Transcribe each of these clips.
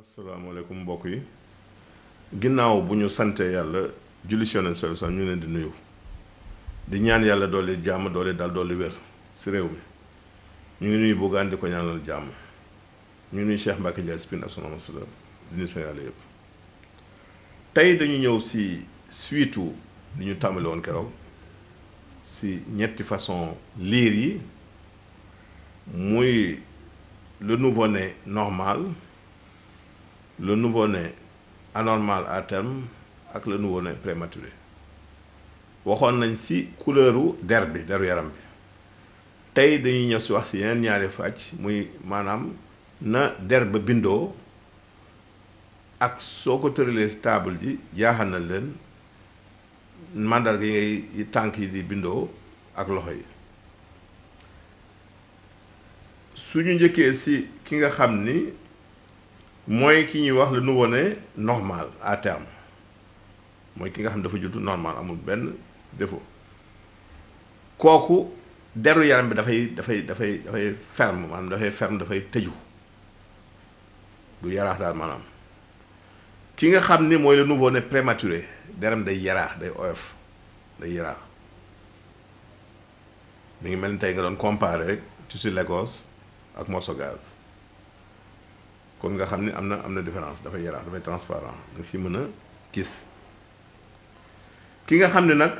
Assalamu mbokk yi ginnaaw bu ñu sante yàlla julli ñu leen di nuyu di ñaan yàlla doole doole dal doole wér réew mi ñu nuyu ko ñaanal Cheikh Mbacke spin Nous di nuyu yàlla yëpp dañu ñëw si suite li ñu tàmbali woon ñetti façon liir yi le nouveau-né normal le nouveau-né anormal à ak le nouveau-né prématuré waxoon nañ ci couleuru der bi deru yaram bi tey dañuy ñëw ci wax ci yeneen ñaari fàcc muy maanaam na der ba bindoo ak soo ko tëralee ci ji jaaxal na leen màndarga yi ngay tànk yi di bindoo ak loxo yi suñu njëkkee ci ki nga xam ni moy ki wax le nouveau-né normal à terme moy ki nga xam dafa normal amul ben défaut deru yaram bi da fay da fay ferme da fay ferme fay du ki nga xam ni le nouveau-né prématuré deram day yaraax day oyof day yaraax mi ngi mel tay nga Lagos ak gaz kon nga xamni amna amna na am na différence dafay yaraax dafay transparent nga si mën a gis ki nga xamni nak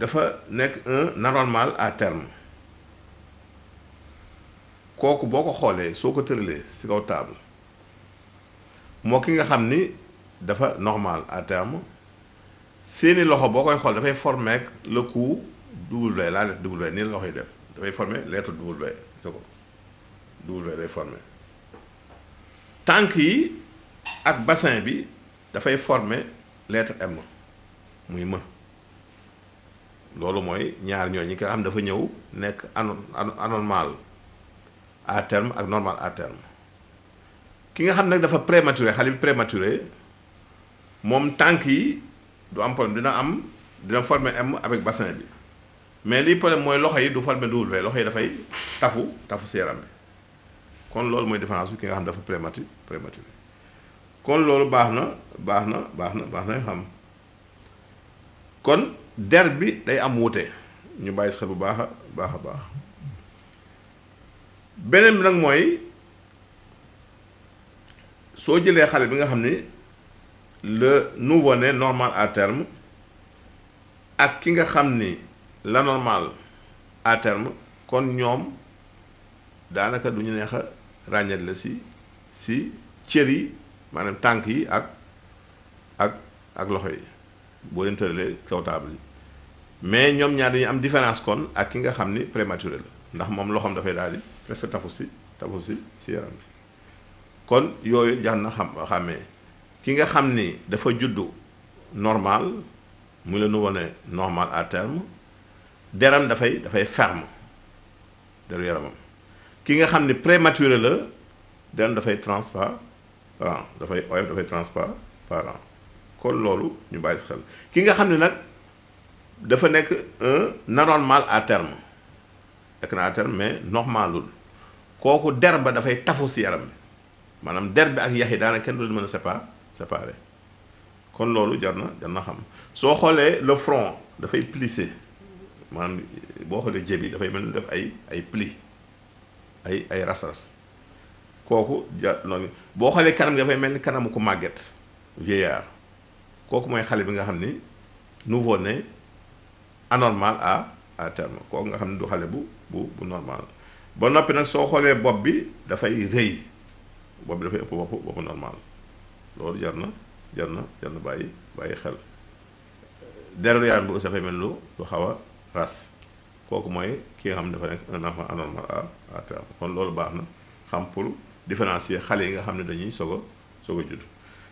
dafa nek un anormal à terme koku boko ko soko soo ci kaw table mo ki nga xamni dafa normal à terme seeni loxo bokoy xol da fay former le coup double la lettre double ni nii la loxo def dafay former lettre W c'est ko W day former Tant yi ak bassin bi former lettre M muy ma loolu mooy ñaar ñooñu ñi nga xam dafa ñëw nekk anormal à terme ak normal à terme ki nga xam nag dafa prématuré xale prématuré mom tanki, yi du am problème dina am dina former M avec bassin bi mais li problème moy du falbe double yi fay tafu tafu kon moy différence ki nga xam prématuré prématuré kon baxna na baxna na xam kon der day am ñu xel bu a baax benen nak moy so jëlé xalé bi nga le nouveau-né normal à terme ak ki nga la à terme kon ñoom daanaka du ñu neex a ràññet la si si cër yi maanaam tànk yi ak ak ak loxo yi boo leen tëralee kaw yi mais ñoom ñaar dañu am différence kon ak ki nga xam ni prématuré la ndax moom loxoom dafay daal di presque tafu si tafu si si yaram bi kon yooyu jar na xam xàmmee ki nga xam ni dafa juddu normal mu leen nu wone normal à terme deram dafay dafay ferme deru yaramam ki nga prématuré deram dafay transparent dafay oyof dafay transparent kon lolu ñu qui un normal à terme ak na terme mais normalul koku der ba dafay tafu si yaram manam der bi ak si yi le front dafay plissé man bo xolé jebi da fay mel def ay ay pli ay ay ras koku non bo xolé kanam da fay mel kanam ko maguet vieillard koku moy xalé bi nga xamni nouveau né anormal à à terme ko nga xamni du xalé bu bu bu normal bo nopi nak so xolé bob bi da fay reuy bob bi da fay ëpp bop bop normal lolu jarna jarna jarna bayyi bayyi xel deru yaram bu sa fay mel lu lu xawa race kooku mooy ki nga xam dafa nekk un enfant anormal à à terme kon loolu baax na xam pour différencier xale yi nga xam ne dañuy soog a soog a judd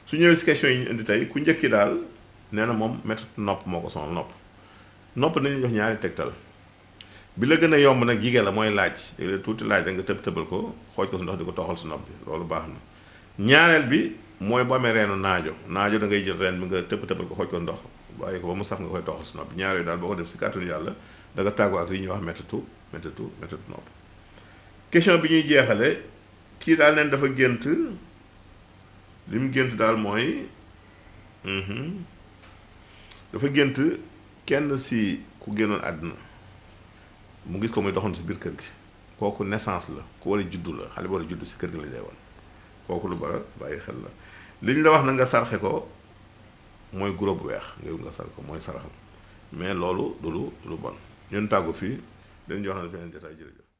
su ñëwee si question yi ñu indi tey ku njëkki daal nee na moom métti nopp moo ko sonal nopp nopp nañu jox ñaari tegtal bi la gën a yomb nag jigéen la mooy laaj léeg tuuti laaj da nga tëb tëbal ko xooj ko su ndox di ko toxal su nopp loolu baax na ñaareel bi mooy boo amee reenu naajo naajo da ngay jël reen bi nga tëb tëbal ko ndox waaye ko ba mu saf nga koy toxal si nopp ñaar daal boo ko def si kàttanu yàlla da nga tàggoo ak li ñuy wax méttitu méttitu méttitu nopp question bi ñuy jeexale kii daal neen dafa gént li gént daal mooy mhm, dafa gént kenn si ku génnoon àdduna mu gis ko muy doxantu si biir kër gi kooku naissance la ku war a juddu la xale bu war a juddu si kër gi lañ lay woon kooku lu bara bàyyi xel la li la wax na nga sarxe ko mooy guro bu weex nga nga sar ko mooy saraxam mais loolu du lu lu bon ñun tàggu fii dañ jox na beneen jotaay jërëjëf